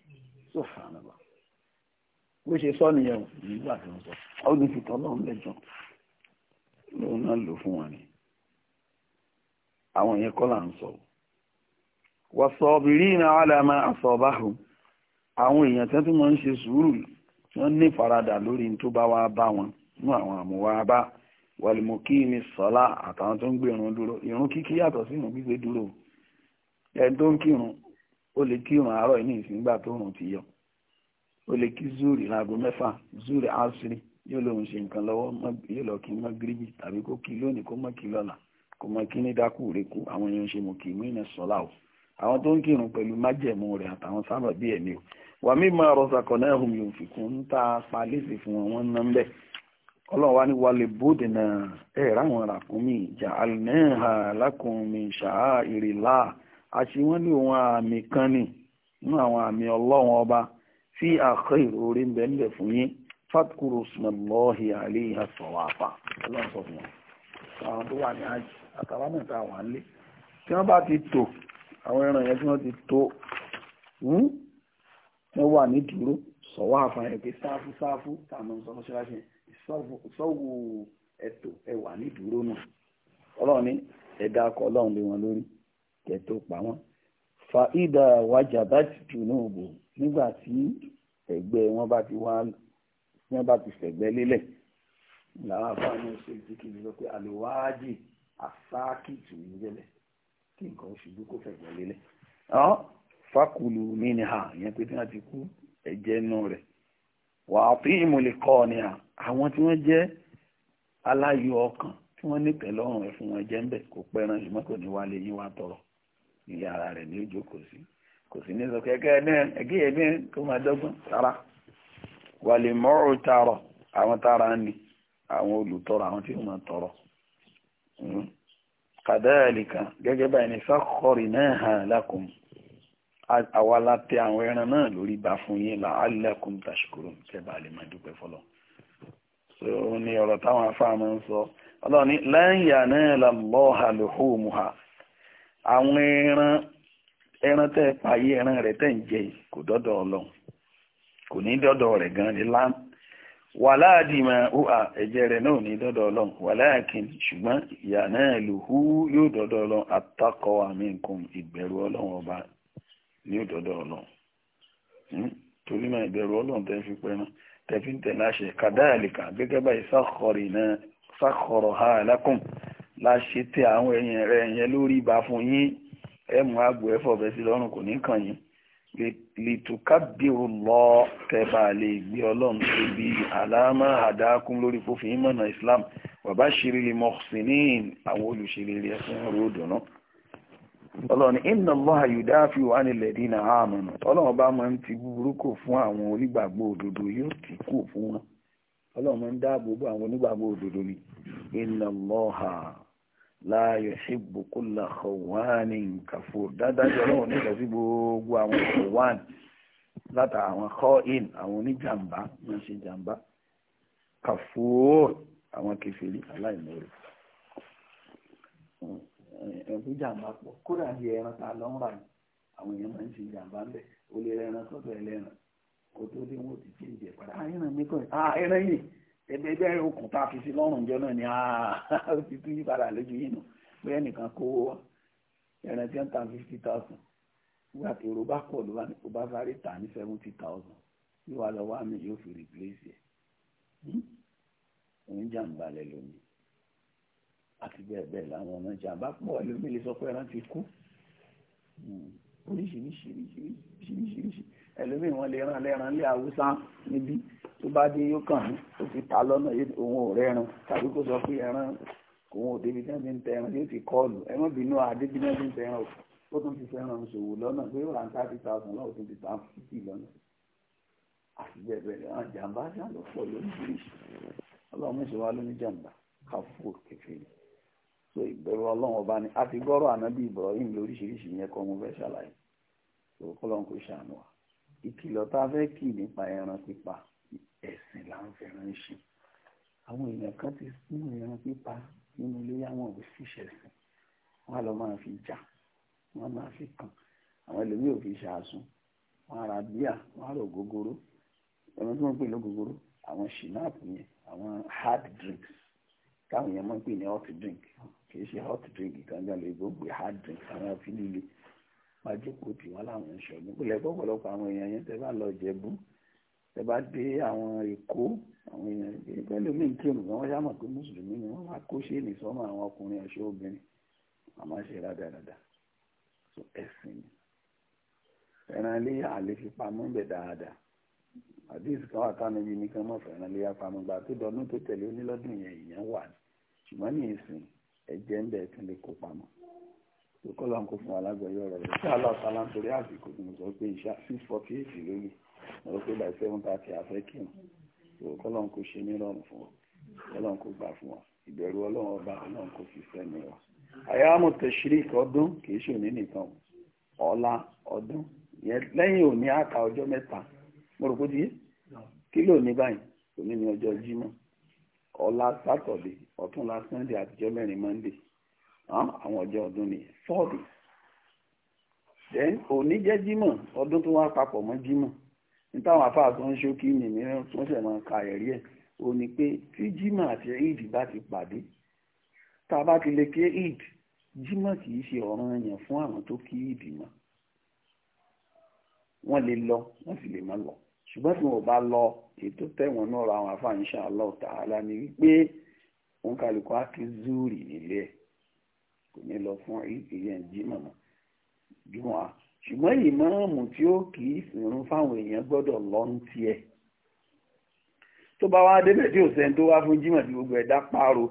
sọ fàánàbà bó ṣe sọ nìyẹn nígbà tó ń sọ ó ní fìtọ́ ọlọ́run lẹ́jọ́ lóun náà lò fún wọn ni àwọn yẹn kọ́ là ń sọ wọ́n sọ obìnrin náà wà láàmà àsọ̀báhùn àwọn èèyàn tẹ́tùmọ̀ ń ṣe sùúrù wọ́n ní faradà lórí tó bá wá bá wọn nú àwọn àmúwá bá wàlìmọ̀kí ni sọ́lá àtàwọn tó ń gbé irun dúró irun kíkí yàtọ̀ sí irun gbígbé dúró ẹni tó ń kírun ó lè kírun àárọ̀ ní ìsìngbà tó rùn ti yọ ó lè kí zuri láago mẹ́fà zuri asiri yóò lóun ṣe nǹkan lọ́wọ́ yóò lọ kí magribi tàbí kó kí lónìí kó mọ́ kí lọ́la kó mọ́ kí ní dákú rẹ̀ kú àwọn èèyàn ṣe mọ̀ kí mí ní sọ́lá o àwọn tó ń kírun pẹ̀lú májẹ̀mú rẹ̀ àtàwọn sábà bí ẹ̀mí o wà mí máa rọ̀ṣàkọ̀ náà hùm yóò fi kún ń ta palẹ́sì fún wọn wọn ná bẹ́ẹ̀ ọlọ́run wá ní wàlẹ̀ bóde náà ẹ̀ ráwọn ràkúnmí ìjà alìnẹ́hà lákùnmí ṣàá ìrìlá àṣì wọn ní òun àmì kan ni nínú àwọn àmì ọlọ́run ọba tí àkọ́ ìròrí ń bẹ́ẹ̀ fún yín fatkuru sùmọ̀lọ́hì àléhà sọ̀rọ̀ àpá ọlọ́run sọ àwọn tó wà ní àjì ẹ wà ní dúró sọ̀wọ́ àfààyàn pé sáfù sáfù táwọn ọmọ sọ́kọ́ ṣọ́ra ṣe ìsọ́wọ́ ẹ̀tọ́ ẹ wà ní dúró náà ọlọ́run ní ẹ̀dá akọ ọlọ́run lé wọn lórí kẹtó pa wọn. fa ìdá wájà bá ti jù náà bò nígbà tí ẹgbẹ́ wọn bá ti wá wọn bá ti fẹ̀gbẹ́ lélẹ̀ làwọn afáàní ṣe ìdíkìlì lọ pé àlèwáàjì àsáàkìtù ń jẹlẹ̀ kí nǹkan ṣubú kó fẹ̀gbẹ́ lélẹ̀ fákùlù mínìhà ìyẹn pé tí wọ́n ti kú ẹ̀jẹ̀ inú rẹ̀ wà á fi ìmùlẹ̀ kọ́ ọ níhà àwọn tí wọ́n jẹ́ aláyọ̀ ọkàn tí wọ́n ní tẹ̀lọ́rùn ẹ̀ fún wọn jẹ́ ń bẹ̀ kó pẹ́ran ṣùgbọ́n kò ní wálé yín wá tọrọ ìyá ara rẹ̀ ní ojú kò sí kò sí ní sọ kẹ́kẹ́ ẹgbẹ́ ẹ̀mí kó máa dọ́gbọ́n rárá wàlè mọ́rù tààrọ̀ àwọn tààrà ń ní àwọn olùtọrọ àwọn tí ó máa tọrọ kàdáàlì hmm. kan gẹ́gẹ́ báyìí ní sákọ̀rì náà hàn lákùnrin awala la tẹ àwọn ẹran náà lórí bá fún yín là alẹ́kùn tàṣíkòrò kẹba lè máa dúpẹ́ fọlọ́ so ni ọ̀rọ̀ táwọn afáàmọ́ ń sọ ọlọ́ni lẹ́yìn àná lọ́ọ̀hà lòhùnmùhà àwọn ẹran ẹran tẹ́ payé ẹran rẹ̀ tẹ́ ń jẹ kò dọ́dọ̀ ọlọ́run kò ní dọ́dọ̀ rẹ̀ gan ni lán wàláàdì máa ó à ẹ̀jẹ̀ rẹ̀ náà ní dọ́dọ̀ ọlọ́run wàláàkín ṣùgbọ́n ìyà náà lòhù yóò dọ́dọ̀ ọlọ́run àtakọ̀ àmì nǹkan ní òdọ́dọ̀ ọlọ́run hmm? torí náà ìbẹ̀rù ọlọ́run tẹ́ fi pẹ́ náà tẹ́fí ń tẹ̀lé àṣẹ kàdáàlìkà gẹ́gẹ́ báyìí sákọ̀rọ̀ ha alákùn láṣẹ tẹ àwọn ẹ̀yìn rẹ̀ yẹn lórí ibà fún yín ẹ̀mú àgbò ẹ̀fọ́ bẹ́ẹ̀ sí lọ́rùn kò ní kàn yín lìtùkà bírù lọ tẹ́bà lè gbé ọlọ́run tó bí àlámà àdákùn lórí fòfin ìmọ̀nà Islam bàbá ṣírí mọ̀ọ́sìn ní àwọn olùṣèlérí ẹ̀sìn ròdùnú ọlọ́ni inna Allaha yudafi wa anil ladina amanu ọlọ́run bá máa ń ti búburú kò fún àwọn onígbàgbọ́ òdodo yóò ti kò fún wọn ọlọ́run máa ń dáàbò bò àwọn onígbàgbọ́ òdodo ni inna Allaha la yuhibbu kulla khawanin kafur dáadáa ọlọ́run nígbà sí gbogbo àwọn khawan látà àwọn kọ́ìn àwọn oníjàmbá máa ṣe jàmbá kafur àwọn kẹfìrí aláìmọ̀ọ́rẹ́ ẹ̀rọ tó jàǹbá pọ̀ kódà bí ẹran ta lọ́ ń rà ní àwọn èèyàn máa ń ṣe jàǹbá ńbẹ̀ o lè rẹran sọ́dọ̀ ẹlẹ́ran kó tó dé wọn ò ti ṣèǹjẹ padà ah, ẹran mi kàn á ah, ẹran yìí ẹgbẹ́ ẹgbẹ́ okùn tá a fi sí lọ́rùn jọ náà ni ah, ó ti tú yí padà lójú yìí nù bóyá nìkan kówó ẹran tí ń ta fifty thousand nígbà tí èrò bá pọ̀ ló bá sáré tà ní seventy thousand yóò wá lọ wá mi yóò fi replace ẹ̀ hmm? òun jàǹbá lẹ lónìí àti bẹ́ẹ̀ bẹ́ẹ̀ láwọn ọ̀nà ìjàmbá pọ̀ lómi lè sọ pé ẹran ti kú hmm. oríṣiríṣiríṣiríṣiríṣi ẹlòmíì wọn lè ràn lẹ́ran lé haúsá níbí tó bá dé yóò kàn án ó ti ta lọ́nà òun ò rẹ́ran tàbí kó sọ pé ẹran òun ò débi tí wọ́n ti ń tẹ ẹran yóò ti kọ́ọ̀lù ẹran bínú àdébí tí wọ́n ti ń tẹ ẹran ó tún ti fẹ́ràn ṣòwò lọ́nà pé ó rà thirty thousand náà ó tún ti ta fifty lọ́nà àti bẹ́ẹ̀ bẹ́ẹ̀ lọ́nà jàǹbá ṣáà pọ̀ lóríṣiríṣi ọlọ́run ṣe wá lóní jàǹbá ká fún òkè so ìbẹ̀rù ọlọ́run ọba ni a ti gbọ́rọ̀ ànábì Ibrahim lóríṣiríṣi yẹn kọ́ mo fẹ́ ṣàlàyé so kọ́lọ́n kò ṣàánú wa ìkìlọ̀ tá a fẹ́ kì nípa ẹran pípa ẹ̀sìn là ń fẹ́ràn ṣe àwọn èèyàn kan ti nínú ẹran pípa nínú ilé àwọn òbí ṣẹ̀sìn wọn á lọ máa fi jà wọn máa fi kàn àwọn ẹlòmíì ò fi ṣàásùn wọn á bíà wọn á rò gógóró tí wọn pè ló àwọn ṣìnáàpù yẹn àwọn hard drinks táwọn èèyàn máa ń ní hot drink kìí ṣe hot drink kanga lè gbogbo hard drink àwọn fi líle májókòó tí wọn làwọn ń ṣọdún kò lẹ́gbọ́n ọ̀pọ̀lọpọ̀ àwọn èèyàn yẹn tẹ́ bá lọ jẹ̀bú tẹ́ bá dé àwọn èkó àwọn èèyàn yẹn pẹ̀lú mí kírun gan wọ́n yá mọ̀ pé mùsùlùmí ni wọ́n máa kó ṣe ní sọ́mọ àwọn ọkùnrin ẹ̀ṣọ́ obìnrin wọ́n máa ṣe rádaràdà so ẹ̀sìn ni ẹran ilé àlè fi pamọ́ ń bẹ̀ dáadáa àdéhùn kan wà táwọn ibi nìkan mọ̀ fẹ́ràn ilé apamọ́ gbà tó dọdún tó tẹ̀lé onílọ́dún yẹn ìyẹn wà ṣùgbọ́n ní ìsìn ẹ̀jẹ̀ ń bẹ̀ tún lè kó pamọ́ lókọ́ lọ́n kó fún alágbẹ̀yọ́ rẹ̀ rẹ̀ sáà lọ́ọ̀ta láńtorí àsìkò tí mo sọ pé ìṣá six forty eight lórí mo rò pé by seven thirty afẹ́ kí wọn lókọ́ lọ́n kó ṣe nírọ̀rùn fún wọn lókọ́ lọ́n kó gbà fún wọn ìbẹ̀rù ọlọ́run ọba ọlọ́run kó fi fẹ́ mi wá. àyàmù tẹ̀sírìkì ọdún kì í ṣòní nìkan ọ̀la ọdún lẹ́yìn òní àka ọjọ́ mẹ́ta mo rò pé kí ló ní báyìí òní ni ọjọ́ jímọ̀ ọ̀la sátọ̀dé ọ̀túnla sunday àtijọ́ mẹ́rin monday àwọn ọjọ́ ọdún ni fọ́ọ̀dì then òní jẹ́ jímọ̀ ọdún tó wá papọ̀ mọ́ jímọ̀ ní táwọn afáà tó ń ṣókí ní mìíràn tó ń ṣẹ̀ máa ka ẹ̀rí ẹ̀ ò ní pé tí jímọ̀ àti eid bá ti pàdé tá a bá ti lè ké eid jímọ̀ kì í ṣe ọ̀ranyàn fún àwọn tó kí eid mọ́ wọ́n lè lọ wọ́n sì lè má lọ ṣùgbọ́n tí wọn ò bá lọ ètò tẹ̀wọ̀n náà ra àwọn afáàní ṣàlọ́ tààlà ni wípé òun kálukú á kí zúrì nílé ẹ̀ kò ní lọ fún ìyẹn jímọ̀ jùmọ̀ à ṣùgbọ́n ìmáàmù tí ó kì í sìnrún fáwọn èèyàn gbọ́dọ̀ lọ ń tiẹ̀ tó bá wá débẹ̀ tí òsẹ́ni tó wá fún jímọ̀ tí gbogbo ẹ̀dá páro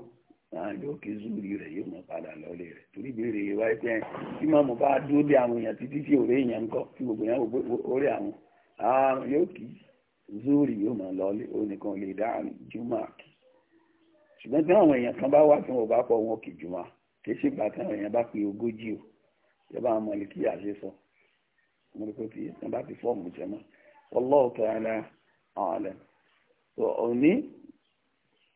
yóò kí zúrì rẹ̀ yóò mọ̀ padà lọ́lé rẹ̀ torí ìbéèrè wáyé pé ìmáàmù bá dúró dé àwọn èèyàn títí tí òré èèyàn ń kọ́ tí gbogbo èèyàn òré àwọn ààrùn yóò kí zuri yóò máa lọlé onìkan lè dáàrin jùmọ̀ kí ṣùgbọ́n tí àwọn èèyàn kan bá wà tí wọn bá pọ̀ wọn kì kì í tí àwọn èèyàn bá ogójì o ìjọba àwọn mọ̀lẹ́kí àṣẹ sọ mo tí wọ́n bá ti fọ́ọ̀mù jẹ mọ́ wallahu ta'ala a'lam tó òní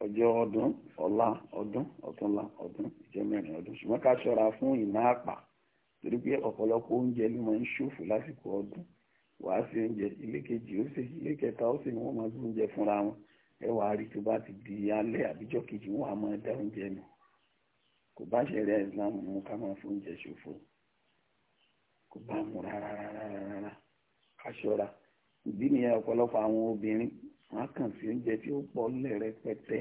ọdún ọdún ọdún ọdún ká wàá fi oúnjẹ ilé kejì ó sì ilé kẹta ó sì ni wọ́n máa gbé oúnjẹ fúnra wọn ẹ wàá rí tó bá ti di alẹ́ àbíjọ́ kejì wọ́n á máa dá oúnjẹ nù kò bá ṣẹlẹ̀ islam mú ká máa fún oúnjẹ ṣòfò kò bá mú rárá rárá rárá ká ṣọ́ra ìdí nìyẹn ọ̀pọ̀lọpọ̀ àwọn obìnrin wọ́n á kàn sí oúnjẹ tí ó pọ̀ lẹ́rẹpẹtẹ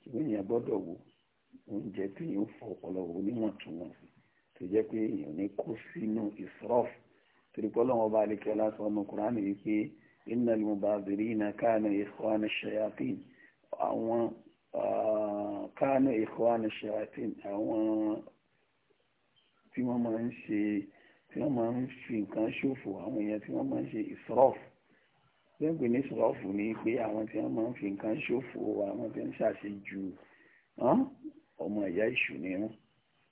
ṣùgbọ́n èèyàn gbọ́dọ̀ wò oúnjẹ tí yóò fọ ọpọlọ wò níwọ̀ntúnwọ̀nsì tó jẹ́ pé èèyàn ní kó sínú ìsrọ́fù tìrìpọ́lọ́ ọba àlekẹ́ lásán ọmọ kùránì wípé innal mubazirina kana ikhwana shayatin àwọn ah, kana ikhwana shayatin àwọn tí wọ́n máa ń ṣe tí wọ́n máa ń fi nǹkan ṣòfò àwọn èèyàn tí wọ́n máa ń ṣe ìsọ́ọ̀fù lẹ́gbẹ̀ẹ́ ní sọ́ọ̀fù ni pé àwọn tí wọ́n máa ń fi nǹkan ṣòfò àwọn tí wọ́n ń ṣàṣejù ah, ọmọ ìyá ìṣù ni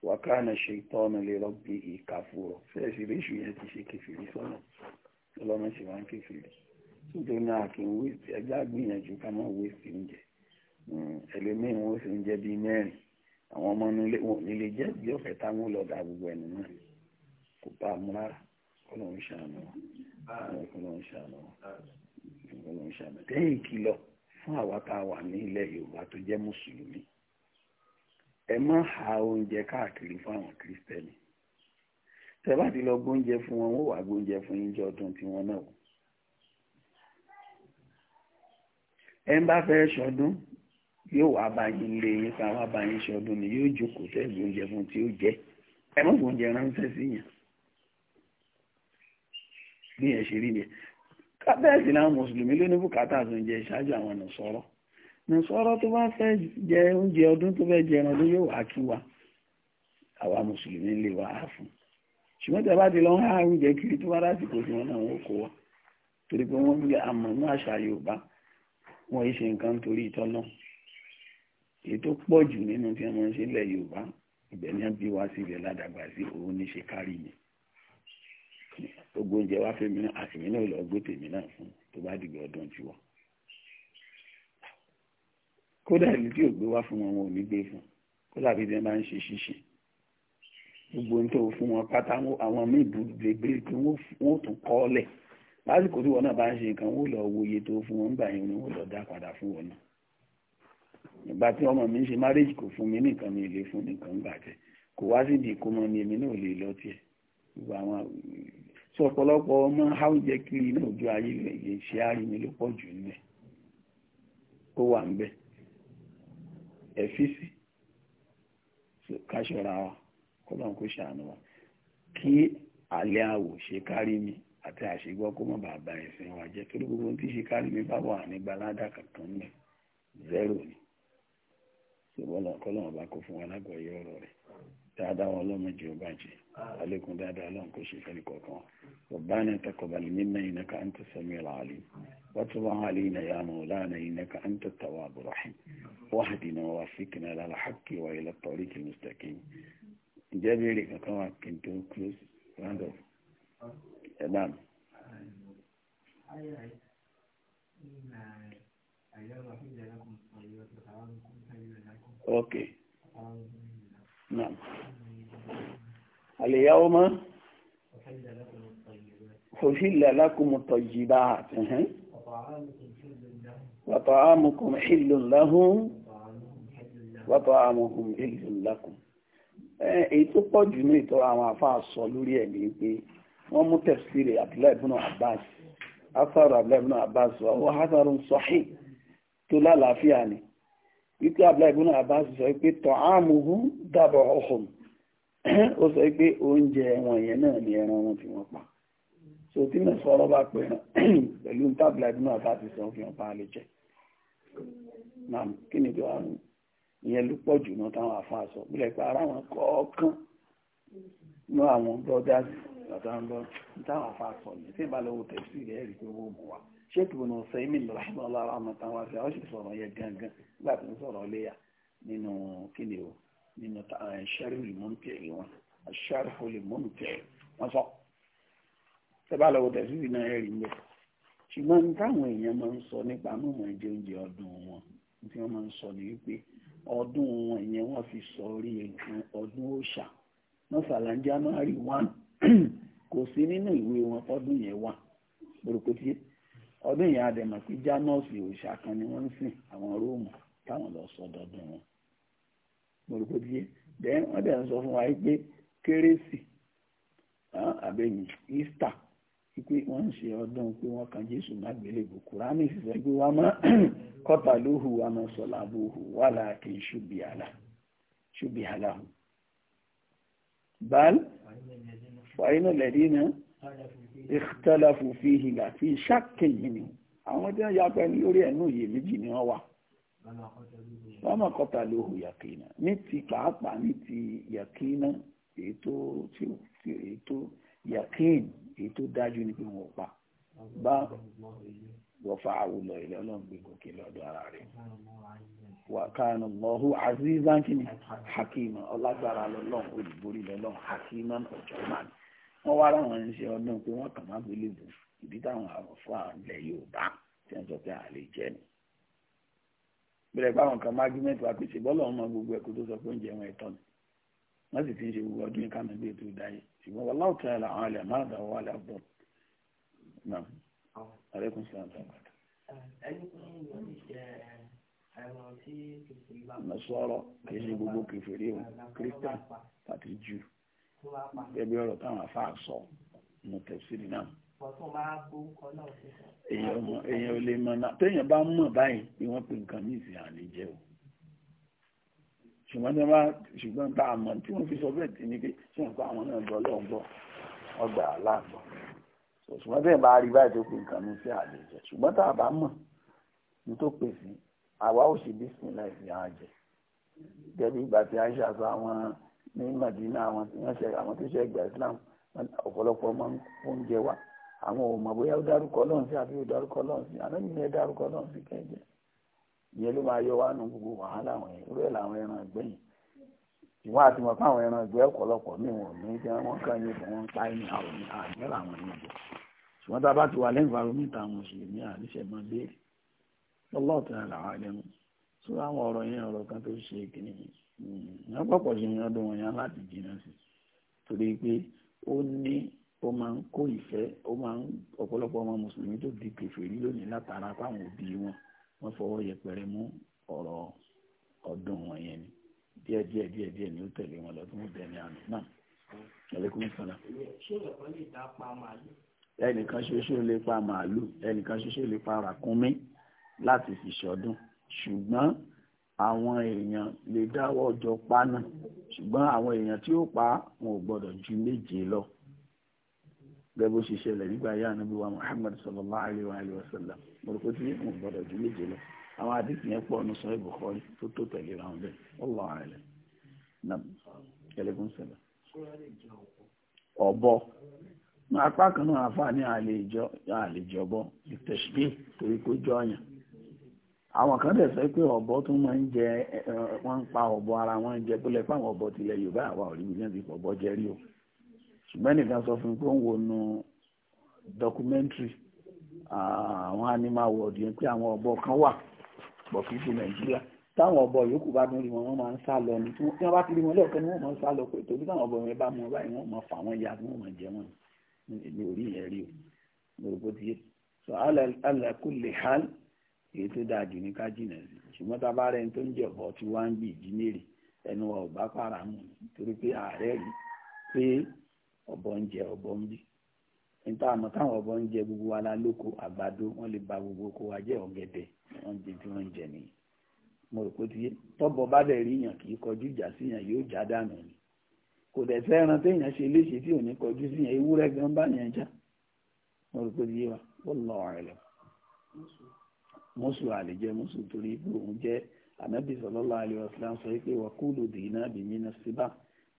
wàkánà ṣaitọ́nù lè rọ́bì ìkàfúrọ̀ fẹ́ẹ̀sì ríṣù yẹn ti ṣe kẹfìrí sọ́nà ọlọ́mọ sì máa ń kẹfìrí nítorí náà kì í wéṣì ẹgbẹ́ àgbìyànjú ká máa wéṣì oúnjẹ hmm, ẹlòmíín wọn sì ń jẹ bíi mẹ́rin àwọn ọmọ nílé wọn nílé jẹ bí ọ̀fẹ́ táwọn lọ da gbogbo ẹnu náà kò bá a mú rárá Ọlọ́run ṣàánú Ọlọ́run ṣàánú Ọlọ́run ṣàánú tẹyìn kìlọ̀ fún àwa tá a wà ní ilẹ̀ Yorùbá tó jẹ mùsùlùmí ẹ má ha oúnjẹ káàkiri fáwọn kírísítẹ́nì tẹ bá ti lọ gbóúnjẹ fún wọn wọ́n wà gbóúnjẹ fún yíjọ́ ọdún tiwọn náà ẹ ń bá fẹ́ ṣọdún yóò wá bá yín lé yín ká wá bá yín ṣọdún ni yóò jókòó tẹ́ gbóúnjẹ fún tí ó jẹ́ ẹ má gbóúnjẹ ránṣẹ́ sí yàn bí yẹn ṣe rí ni kábẹ́ẹ̀sì náà mùsùlùmí ló bùkátà tó ń jẹ ìṣáájú àwọn ọ̀nà sọ̀rọ̀ nàṣọ́rọ́ tó bá fẹ́ jẹ oúnjẹ ọdún tó fẹ́ jẹ ẹran ló yóò wá kí wa àwa mùsùlùmí lè wá á fún ṣùgbọ́n tẹ́ bá ti lọ ń há oúnjẹ kiri tó bá lásìkò tí wọ́n náà wọ́n kó wa torí pé wọ́n gbé àmọ́ ní àṣà Yorùbá wọ́n yìí ṣe nǹkan torí ìtọ́nà èyí tó pọ̀ jù nínú tí wọ́n ṣe lẹ̀ Yorùbá ibẹ̀ ni wọ́n bí wá sí ilẹ̀ ládàgbà sí òun ní ṣe kárí mi gbogbo oúnjẹ wá fẹ́mi náà àtìmí náà lọ gbé tèmi náà fún tó bá dìgbà ọdún tiwọn kódà ìlú tí ò gbé wá fún wọn wọn ò ní gbé fún kódà bí wọ́n máa ń ṣe ṣíṣe gbogbo ní tó fún wọn pátá àwọn míì gbègbè pé wọ́n tún kọ́ lẹ̀ lásìkò tí wọn náà bá ń ṣe nǹkan wọ́n lọ wo iye tó fún wọn nígbà yẹn ni wọ́n lọ dá padà fún wọn náà ìgbà tí ọmọ mi ń ṣe márèjì kò fún mi nìkan mi lè fún nìkan gbà tẹ kò wá sí ìdìkú mọ ni èmi náà lè lọ tiẹ̀ gbogbo àwọn sọ ọ̀pọ̀lọpọ̀ ọmọ áwùjẹ kiri náà ojú ayé ìṣe àrími ló pọ̀ jù nílẹ̀ ó wà ń bẹ́ẹ̀ ẹ̀fíìsì káṣọ́ra wa kọ́lọ́n kó ṣàánú wa kí alẹ́ àwò ṣe kárí mi àti àṣegbọ́ kó mọ̀ bàbá ẹ̀sìn wa jẹ́ torí gbogbo tí ṣe kárí mi bá wà ní gbalada kankan ní zero ni ṣùgbọ́n kọ́lọ́n ọba kó fún wa lágbọ̀ọ́yé ọ̀rọ̀ rẹ̀ dáadáa wọn ọlọ́run jẹ́ ọba jẹ́ àlékún dáadáa ọlọ́run kò ṣe fẹ́ni kọ̀ọ̀kan ربنا تقبل منا إنك أنت السميع العليم وتب علينا يا مولانا إنك أنت التواب الرحيم واهدنا ووفقنا إلى الحق وإلى الطريق المستقيم جابيري كما كنت كروز راندو نعم اوكي نعم اليوم حفل لكم الطيبات وطعامكم حل لهم وطعامكم حل لكم èyí tó pọ̀ jù ní ìtọ́ àwọn àfáà sọ lórí ẹ̀mí pé wọ́n mú tafsiri Abdullahi ibn Abbas afárò Abdullahi ibn Abbas wọ́n hásàrùn sahih tó lálàáfíà ni wípé abúláìbùn náà bá sọ pé tọ́ àmúhú dábọ̀ ọ̀hún ó sọ pé oúnjẹ wọn yẹn náà ni ẹran wọn tí wọ́n pa so tí mẹ́ sọ́rọ́ bá pẹ̀ pẹ̀lú tábìláìbùn náà bá ti sọ fi hàn pa lè jẹ́ náà kí ni tó àrùn ìyẹn ló pọ̀ jù náà táwọn àfáà sọ bílẹ̀ pé ara wọn kọ̀ọ̀kan ní àwọn brothers àtàwọn táwọn àfáà sọ ní tí ìbálòwò sheikh bin usaimin rahimahullah rahmatan wa fi àwọn sì sọ̀rọ̀ yẹn gangan nígbà tó ń sọ̀rọ̀ léyà nínú kíni o nínú eh, sharhu al-mumti' wọn sharhu al-mumti' wọn sọ tẹ́bá lọ́wọ́ tẹ̀síwì náà ẹ̀rí ń bẹ̀ ṣùgbọ́n táwọn èèyàn máa ń sọ nípa mọ̀mọ́ jẹ oúnjẹ ọdún wọn tí wọ́n máa ń sọ ní wípé ọdún wọn ìyẹn wọ́n fi sọ orí nǹkan ọdún òòṣà mọ́sàlá January one kò sí nínú ìwé wọn ọdún yẹn wà orúkọ tiẹ̀ ọdún yìí àdèmọ̀ pé jánọ́ọ̀sì òòṣà kan ni wọ́n ń sìn àwọn róòmù táwọn lọ sọ dọdún wọn mo rò pé díẹ̀ bẹ́ẹ̀ wọ́n sọ fún wa pé kérésì àbẹ̀yìn easter pé wọ́n ń ṣe ọdún pé wọ́n kan jésù mágbélébù kùránì sì sọ pé wọ́n máa kọ́ta lóhù wọ́n máa sọ làbóhù wà láàkì ṣùbì àlàhù bal fàyínà lẹ́dínà ìtẹ́lẹ̀fù fi ìhìlà fi ṣàkèyí ni àwọn tí wọ́n yapa ẹni lórí ẹ̀nú yìí méjì ni wọ́n wà lọ́mọ kọta ló hù yàkínà ní ti pàápàá ní ti yàkínà ètò ètò yàkín ètò dájú ni pé wọ́n pa bá wọ́fà àwùlọ ilẹ̀ ọlọ́run gbé gòkè lọ́dọ̀ ara rẹ̀ wà káànù lọ́hù azizan hakima ọlágbára lọ́lọ́run olùborí lọ́lọ́run hakima ọjọ́ mánì wọ́n wá ráwọn irinṣẹ́ ọdún pé wọ́n kàn má gbélé bù ìdí táwọn àfọ́ àlẹ́ Yorùbá tí wọ́n sọ pé àlè jẹ́ ni. bẹ̀rẹ̀ báwọn kan má gímẹ́tì wá pèsè bọ́ọ̀lù ọmọ gbogbo ẹ̀kọ́ tó sọ pé oúnjẹ wọn ẹ̀tọ́ ni wọ́n sì ti ń ṣe gbogbo ọdún yìí kánú bí ètò ìdáyé ṣùgbọ́n wọn láwùjọ ẹ̀ làwọn alẹ́ má dà wọ́n alẹ́ àbọ̀ náà alẹ́kùn sí àǹtà àgbàdo. ẹni tí wọ́n ti ṣe àwọn tí kìfìrí bá. sọ̀rọ̀ kì í gẹ́gẹ́ ọ̀rọ̀ táwọn afá sọ mo tẹ̀síri náà. èèyàn ò lè mọ̀ náà téèyàn bá mọ̀ báyìí ni wọ́n pe nǹkan ní ìsìn àní jẹ́ o ṣùgbọ́n tí wọ́n ṣùgbọ́n tá a mọ̀ tí wọ́n fi sọ bẹ́ẹ̀ tí ní pé ṣé nǹkan àwọn náà gbọ́ lọ́wọ́ gbọ́ ọgbà aláàgbọ̀ ṣùgbọ́n tẹ́yìn bá rí báyìí tó pe nǹkan ní sí àlejò ṣùgbọ́n tá a bá mọ̀ ní tó pè sí àwa ò ṣe bísí láì fi hàn jẹ bí ìgbà tí a ń ní Madina àwọn tí wọ́n ṣe àwọn tó ṣe ẹgbẹ́ Islam ọ̀pọ̀lọpọ̀ máa ń oúnjẹ wa àwọn ò mọ̀ bóyá ó dárúkọ lọ́hùn sí àbí ó dárúkọ lọ́hùn sí àná nìyẹn dárúkọ lọ́hùn sí kẹ́jẹ ìyẹn ló máa yọ wá nu gbogbo wàhálà wọn yẹn rẹ làwọn ẹran ìgbẹ́yìn ìwọ́n àti mọ̀ fáwọn ẹran ìgbẹ́ ọ̀pọ̀lọpọ̀ mi wọn ní jẹ́ wọ́n kàn yín bọ̀ wọ́n pa ẹni àwọn àgbẹ̀ làwọn ẹni jẹ ṣùgbọ́n tá a bá ti wà lẹ́yìn fàrọ́mìtà àwọn mùsùlùmí àdìsẹ́ máa béèrè lọ́lọ́ọ̀tàn làwọn ẹlẹ́nu sọ àwọn ọ̀rọ̀ yẹn ọ̀rọ̀ kan tó ṣe kìnnìyàn wọ́n hmm. pọ̀pọ̀ ṣe yan ọdún wọn yẹn láti jìnnà sí torí pé ó ní ó máa ń kó ìfẹ́ ó máa ń ọ̀pọ̀lọpọ̀ ọmọ mùsùlùmí tó di kèfèrí lónìí látara fáwọn òbí wọn wọ́n fọwọ́ yẹpẹrẹ mú ọ̀rọ̀ ọdún wọn yẹn ni díẹ̀ díẹ̀ díẹ̀ díẹ̀ ni ó tẹ̀lé wọn lọ tó ń bẹ ní àná náà ẹlẹ́kùn sọ̀nà. ṣé ìyàpọ̀ lè dá pa màálù. ẹnìkan ṣoṣo lè pa màálù ẹnìkan ṣoṣo lè pa ràkúnmí láti fi ṣọdún ṣùgbọ́n àwọn èèyàn lè dáwọ́ jọ pa náà ṣùgbọ́n àwọn èèyàn tí ó pa wọn ò gbọ́dọ̀ ju méje lọ gẹ́gẹ́ bó ṣe ṣẹlẹ̀ nígbà yá ànábì wa Muhammad sallallahu alayhi wa alayhi wa sallam mọ̀rọ̀kọ́ tí wọn ò gbọ́dọ̀ ju méje lọ àwọn àdìsí yẹn pọ̀ ọ̀nà sọ́ọ́ Bukhari tó tó tẹ̀lé ra wọn bẹ́ẹ̀ wallahu a'lam nam ẹlẹ́gùn sẹlẹ̀ ọ̀bọ apá kan náà àfa ní àlejò àlejò ọ̀bọ ìtẹ̀síbí torí kó jọ ọ̀yàn àwọn kan dẹ̀ sọ pé ọ̀bọ tún máa ń jẹ wọ́n ń pa ọ̀bọ ara wọn jẹ pé lẹ́pẹ́ àwọn ọ̀bọ tilẹ̀ Yorùbá àwa ò rí mi lẹ́nu ọ̀bọ jẹ rí o ṣùgbọ́n nìkan sọ fún mi pé ó ń wo nu documentary àwọn animal world yẹn pé àwọn ọ̀bọ kan wà pọ̀ kí ṣe Nàìjíríà táwọn ọ̀bọ yòókù bá dún rí wọn wọ́n máa ń sá lọ ni tí wọ́n bá ti rí wọn lẹ́ẹ̀kan ni wọ́n máa ń sá lọ pé torí táwọn ọ̀bọ yẹn bá mú wọn báyìí wọ́n máa fà so ala ala kulli hal èyí tó ní ká ṣùgbọ́n tá a bá rẹni tó ń jọ̀bọ̀ tí wọ́n ń gbì ìdínlẹ̀ ẹnu wa ò bá para pé ààrẹ pé ń jẹ gbogbo wa la lóko àgbàdo wọ́n ba gbogbo oko wa jẹ́ ọ̀gẹ̀dẹ̀ wọ́n jẹ tí wọ́n ń jẹ nìyí mo rò pé tiye tọ́bọ̀ bá rí yàn kì í kọjú ìjà yóò já dànù ni kò dẹ̀ fẹ́ràn téèyàn ṣe léṣe tí ò ní kọjú mọ́sù àlejẹ́ mọ́sù torí pé òun jẹ́ ànábì sallallahu alaihi wasallam sọ pé wàkúlù dị na náà síbà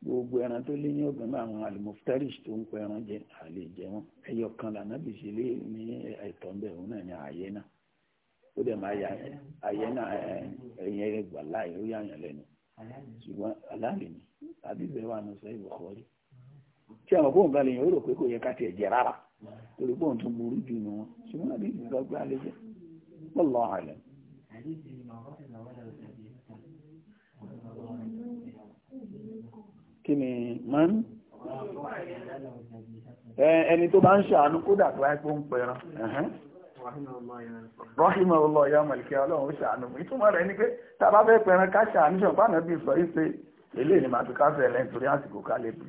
gbogbo ẹran tó lé ní ọgbọ̀n náà àwọn alimuftarish tó ń ẹran jẹ àlejẹ wọn ẹyọ kan lànàbì ṣe lé ní òun náà ní ààyè náà ó dẹ̀ ya ààyè náà ẹ̀yìn láàyè ó yàyàn lẹ́nu ṣùgbọ́n aláàlè ni wà ní والله أعلم kí ni máa ń ẹni tó bá ń ṣàánú kódà tó wáyé pé ó ń pẹran rọ́hìmọ̀ ọlọ́ ìyá mọ̀lìkẹ́ ọlọ́run ṣàánú ìtumọ̀ rẹ̀ ni pé fẹ́ pẹran ká ṣàánú bí sọ ni torí àsìkò ká lè ètò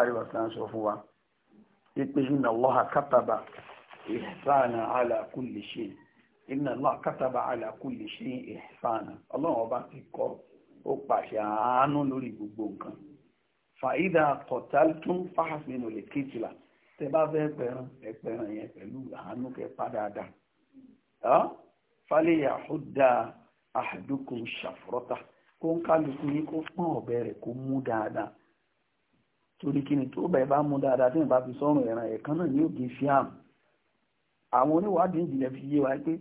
àríwá sọ fún wa ìpè ìnà ihsana ala kulli shay inna Allah kataba ala kulli shay ihsana ọlọ́run ọba ti kọ́ ó pàṣẹ àánú lórí gbogbo nǹkan fàídà kọ̀tàlùtún fáhàsínú lè kéjìlá tẹ bá fẹ́ pẹran ẹpẹran yẹn pẹ̀lú àánú kẹ padàdà falẹ̀ yàhúdà àdúkù ṣàfùrọ́tà kó ń kálukú yín kó pọ́n ọ̀bẹ rẹ̀ kó mú dáadáa torí kí ni tó bẹ̀ bá mú dáadáa tí wọ́n bá fi sọ́run ẹ̀ràn ẹ̀kan náà ní ògì fíàmù àwọn oníwádìí ìjìnlẹ̀ fi yé wa pé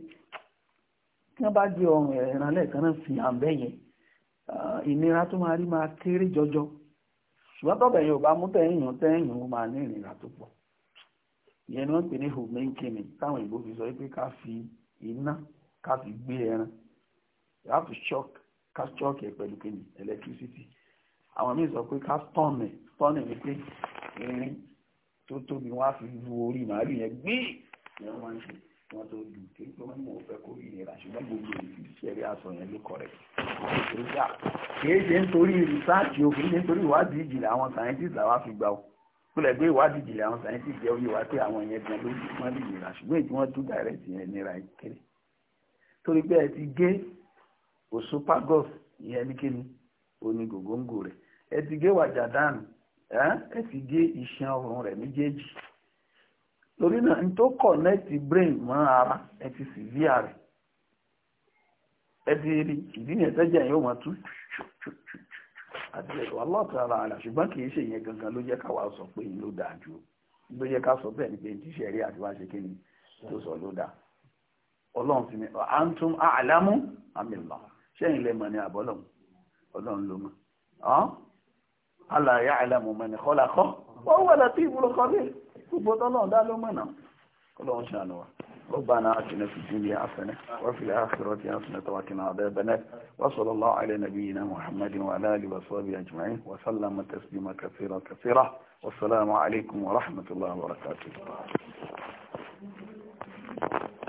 kí wọ́n bá gé ọrùn ẹran lẹ́ẹ̀kan náà fi hàn bẹ́ẹ̀ yẹn ah, ìnira tó máa rí máa kéré jọjọ ṣùgbọ́n mú tẹ́yìn tẹ́yìn ó máa ní ìrìnà tó pọ̀ ìyẹn ni wọ́n pè ní táwọn ìbò fi sọ pé ká fi iná ká fi gbé ẹran ká pẹ̀lú àwọn míì sọ pé ká pé irin tó tóbi wọ́n á fi lu orí màálù yẹn ni wọ́n máa ń ṣe kí wọ́n tó dùn kí n pé wọ́n mọ̀ fẹ́ kó ìnira ṣùgbọ́n gbogbo ìfi ṣẹ̀rí aṣọ yẹn ló kọ̀ rẹ̀ kìí ṣe nítorí rìsáàtì o kìí ṣe nítorí ìwádìí ìjìnlẹ̀ àwọn scientist làwa fi gbà o kúlẹ̀ pé ìwádìí ìjìnlẹ̀ àwọn scientist jẹ́ oyè wa pé àwọn yẹn gan ló wọ́n lè nira ṣùgbọ́n èyí tí wọ́n tún direct yẹn nira kéré torí pé ẹ ti gé osopagos ìyẹn ní oní gògóńgò rẹ̀ ẹ ti gé wàjà dànù ẹ ti gé iṣan ọrùn rẹ̀ méjèèjì torí náà n tó kọ̀nẹ́ẹ̀tì brain mọ́ ara ẹ ti sì bí ààrẹ ẹ rí ìdí yẹn tẹ́jẹ́ yóò máa tú àti ẹ̀rọ aláàtàrà àlà ṣùgbọ́n kì ṣe yẹn gangan ló jẹ́ káwa sọ pé ló dáa ju ló jẹ́ ká sọ bẹ́ẹ̀ ni pé tíṣẹ́ rí àti wá kí ni tó sọ ló dáa ọlọ́run fi mi antum a'lamu amìlá ṣẹ́yìn lẹ́mọ̀ ni àbọ́lọ̀ ọlọ́run ló mọ̀ ala ya'lamu man khalaqa wa huwa latiful khabir gbogbo tọ́lọ̀ dá ló mọ̀nà kọlọ́run ṣàánú wa ربنا آتنا في الدنيا حسنة وفي الآخرة حسنة وقنا عذاب النار وصلى الله على نبينا محمد وعلى آله وصحبه أجمعين وسلم تسليما كثيرا كثيرا والسلام عليكم ورحمة الله وبركاته